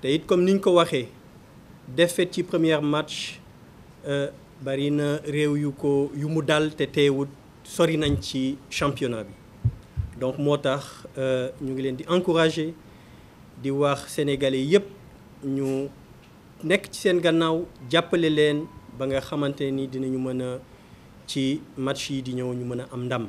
te it comme ni ñu ko waxee défaite ci match euh, bari na réew yu ko yu dal te teewut sori nañ ci championnat bi donc moo tax euh, ñu ngi leen di encourager di wax sénégalais yépp ñu nekk ci seen gannaaw jàppale leen ba nga ni dinañu mën a ci match yi di ñëw ñu mën am ndam.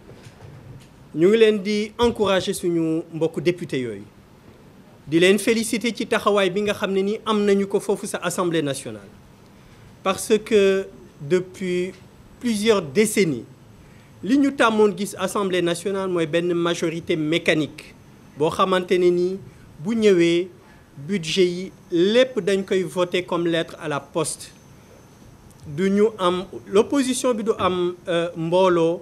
ñu ngi leen di encourager suñu mbokku député yooyu di leen féliciter ci taxawaay bi nga xam ne ni am nañu ko foofu sa assemblée nationale parce que depuis plusieurs décennies li ñu tàmmoon gis assemblée nationale mooy benn majorité mécanique boo xamante ne ni bu ñëwee budget yi lépp dañ koy voter comme lettre à la poste De ñu am l'opposition bi du am euh, mbooloo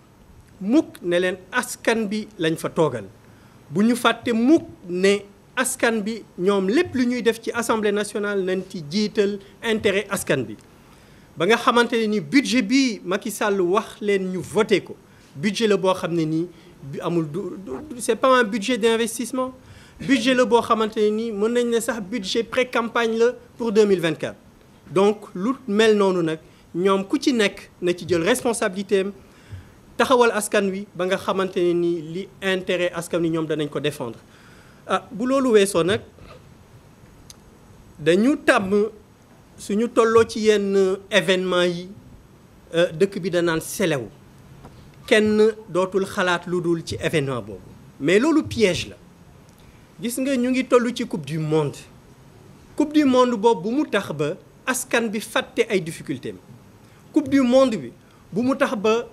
muk ne len askan bi lañ fa togal buñu faté muk mukk ne askan bi ñom lepp li ñuy def ci assemblée nationale nañ ci jiital intérêt askan bi ba nga xamante ni budget bi Macky Sall wax leen ñu voter ko budget le bo xam ni amul c'est pas un budget d'investissement budget le bo xamante ni nii mën nañ ne sax budget pré-campagne le pour 2024 donc lu mel nonu nak ñom ku ci nek na ci jël responsabilité taxawal askan wi ba nga xamante ni li intérêt askan wi ñoom danañ ko défendre ah bu lolu weesoo nak dañu tàmm suñu tollo ci yenn événement yi euh, dëkk bi nan selew kenn dootul xalaat lu dul ci événement bobu mais lolu piège la gis nga ñu ngi tollu ci coupe du monde coupe du monde bobu bu mu tax ba askan bi fàtte ay difficultés coupe du monde bi bu mu tax ba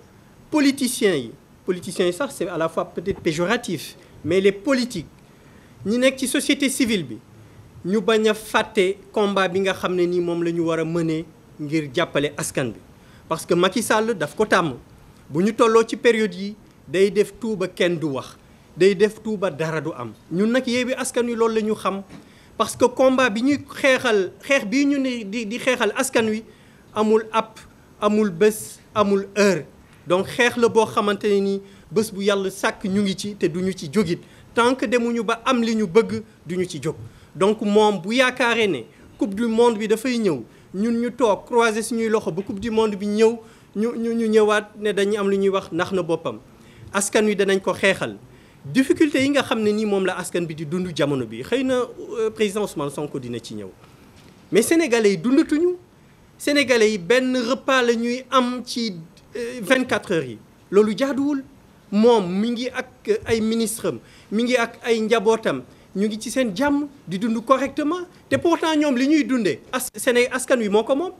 politiciens politiciens c'est à la fois peut-être péjoratif mais les politiques ni dans la société civile nous avons fait le combat nous avons parce que Macky Sall daf ko nous nous ñu fait ci période yi day day def dara du am ñun fait Askan parce que combat bi ñuy di amul app amul amul donc xex le bo xamanteni ni bés bu yalla sak ñu ngi ci té duñu ci jógit tant que ñu ba am li ñu bëgg duñu ci jog. donc mom bu yaakaaree né coupe du monde bi fay ñëw ñun ñu tok croiser suñuy loxo bu coupe du monde bi ñëw ñu ñu ñu ñëwaat né dañu am lu ñuy wax nax na askan wi danañ ko xexal. difficulté yi nga xam ni mom la askan bi di dundu jamono bi xeyna euh, président Ousmane Sonko dina ci ñëw mais sénégalais yi dundatuñu sénégalais yi ben repas la ñuy am ci 24 eh, heures yi loolu jaaduwul eh, mi ngi ak ay ministre mi ngi ak ay njabotam ñu ngi ci sen di correctement et pourtant ñom li ñuy dundé askan wi moko mom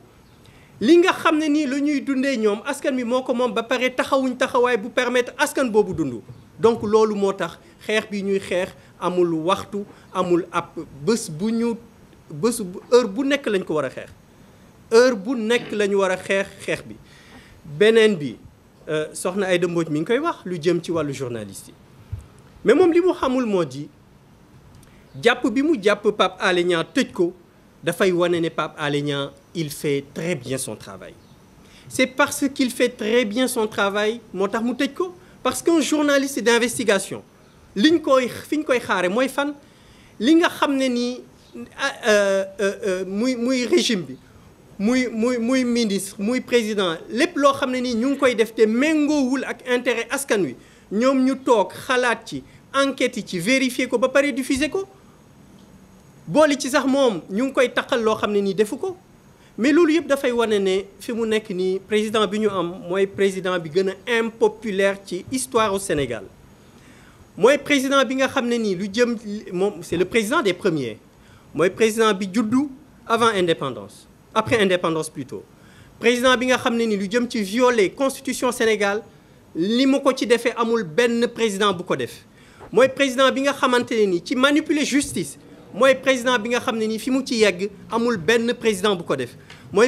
li nga xamné ni ñuy dundé ñom askan mi ba taxawuñ bu permettre askan donc motax xex bi ñuy xex amul waxtu amul app bu ñu heure bu lañ ko heure bu bi benen bi euh, soxna Aïda Mbodj mi ngi koy wax lu jëm ci walu journaliste mais mom li mu xamul mo di japp bi mu japp Pape Alé tejj ko da fay wane ne Pape il fait très bien son travail c'est parce qu'il fait très bien son travail motax mu tejj ko parce qu'un journaliste d'investigation liñ koy fiñ koy xaré moy fan li nga ah, euh euh euh muy muy régime bi moy muy muy ministre muy président lepp lo xamné ni ñu ngi koy def te wul ak intérêt askan wi ñom ñu tok xalaat ci enquête ci vérifier ko ba paré diffuser ko boole ci sax mom ñu koy takal lo xamné ni defuko ko mais loolu yëpp dafay wane fi mu nekk ni président bi ñu am moy président bi gëna impopulaire ci histoire au Sénégal moy président bi nga xamné ni lu jëm mom c'est le président des premiers moy président bi juddou avant indépendance après indépendance plutôt président Abinga nga lui ne ni lu jëm ci violer constitution Sénégal li mu ci amul benn président bu ko def président Abinga nga qui ci justice Le président Abinga nga xam a ni fi mu ci yegg amul benn président bu ko def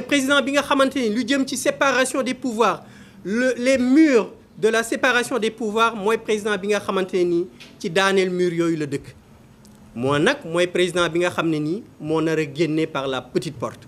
président Abinga nga lui ni lu jëm ci séparation des pouvoirs le les murs de la séparation des pouvoirs le président Abinga nga qui a ni le mur yooyu nak président Abinga nga qui a par la petite porte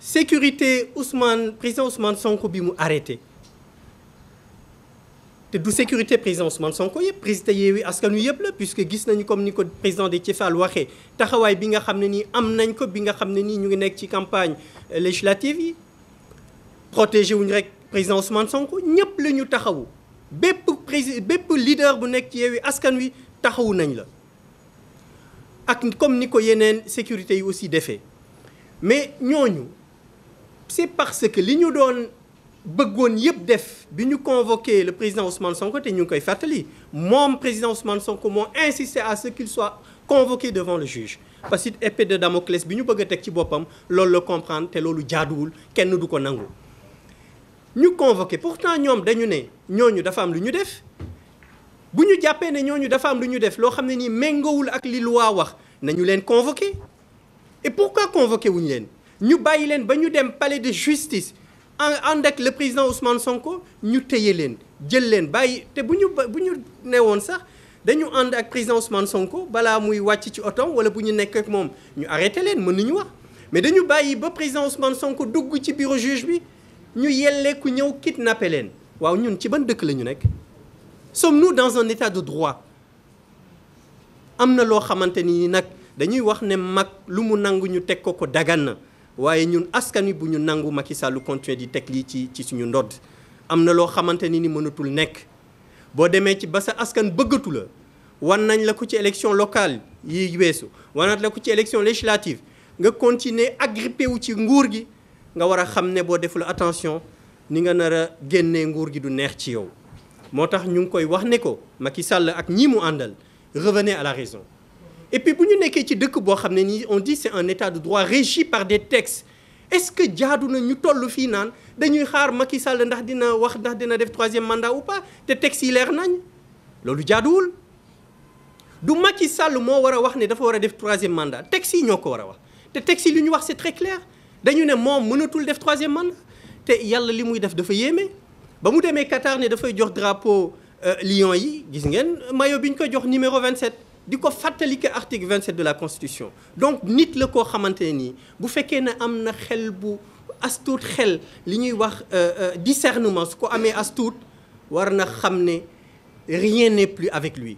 sécurité Ousmane président Ousmane Sonko bi arrêté te dou sécurité président Ousmane Sonko yé président Yewwi Askan Wi yëpp la puisque gis nañu comme ni ko président de Fall waxé taxaway bi nga xamné ni am nañ ko bi nga xamné ni ñu ngi nek ci campagne euh, législative protéger protégé rek président Ousmane Sonko ñëpp la ñu taxawu bép président leader bu nek ci Yewwi Askan Wi taxawu nañ la ak comme ni ko yenen sécurité yi aussi défé mais ñoñu c'est parce que li ñu doon bëggoon yëpp def le président Ousmane Sonko te ñu ngi koy fàttali moom président Ousmane Sonko moo insisté à ce qu'il soit convoqué devant le juge parce que épée de Damoclès bi ñu bëgg a teg ci boppam loolu la comprendre te loolu jaaduwul kenn du ko nangu. ñu convoqué pourtant ñoom dañu ne ñooñu dafa am lu def bu ñu jàppee ne ñooñu dafa am lu def loo xam ne nii ak li loi wax nañu leen convoqué et pourquoi convoqué wuñu ñu bàyyi leen dem palais de justice ànd ak le président Ousmane Sonko ñu téye leen jël leen bàyyi te bu ñu bu ne woon sax dañu ànd ak président Ousmane Sonko bala muy wàcc ci otom wala bu ñu nekk ak moom ñu arrêté leen mën nañu wax mais dañu bàyyi ba président Ousmane Sonko dugg ci bureau juge bi ñu yellee ku ñëw kidnappé leen waaw ñun ci ban dëkk la ñu nekk sommes-nous dans un état de droit am na loo xamante dañuy wax ne mak lumu nangu ñu teg ko ko dagan na waye ñun askan bu ñu nangu Macky Sall di tek li ci ci suñu ni les mënatul nek, bo ci ba askan bëggatu la wan nañ la ko ci élection locale yi wanat la ko ci élection législative nga continuer wu ci nguur gi nga war attention ni nga gens a nguur gi du neex ci yow ak ñi mu à la raison et puis bu ñu ci dëkk boo xam on dit c'est un état de droit régi par des textes est-ce que jaadu na ñu toll fii naan dañuy xaar Macky Sall ndax dina wax ndax dina def troisième mandat ou pas Des textes yi leer nañ loolu jaaduwul du Macky Sall moo war wax ne dafa war a troisième mandat Texte il n'y a wax te textes yi li ñu wax c'est très clair dañu ne mot mënatul def troisième mandat te yàlla li muy def dafa yéeme ba mu demee Qatar ne dafay jox drapeau euh, lion yi gis ngeen maillot bi ñu ko jox numéro 27 diko ko article 27 de la constitution donc nit le ko xamanteni bu fekkee ne am xel bu astout xel li ñuy wax euh, euh, discernement su ko Amé astout war na rien n'est plus avec lui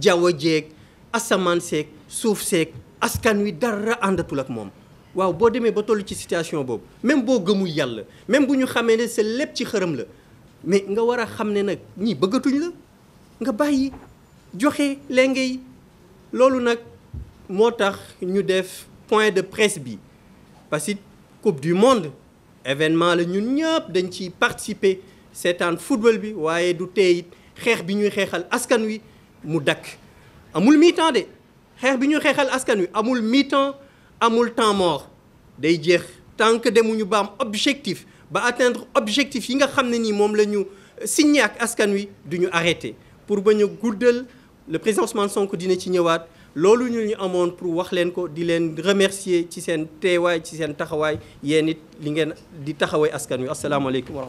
jaww jeeg asamaan seeg suuf seeg askan wi dara àndatul ak mom waaw bo démé ba tollu ci situation bob même bo gëmul yalla même bu ñu xamé né c'est lepp ci xërem la mais nga wara xamné nak ñi bëggatuñ la nga bayyi joxe lenge lolou nak motax ñu def point de presse bi parce que coupe du monde événement la ñun ñëpp dañ ci participer en football bi waaye du tey it bi ñuy xeexal askan wi mu dak amul mi-temps de xeex bi ñuy xeexal askan wi amul mi-temps amul temps mort day jeex tant que demuñu ñu am objectif ba atteindre objectif yi nga xamné ni mom lañu la signé ak askan wi du ñu pour ba ñu guddal le président Ousmane Sonko dina ci ñëwaat loolu ñu ñu amoon pour wax leen ko di leen remercier ci seen teewaay ci seen taxawaay yéen it li ngeen di taxaway askan wi asalaamaaleykum wa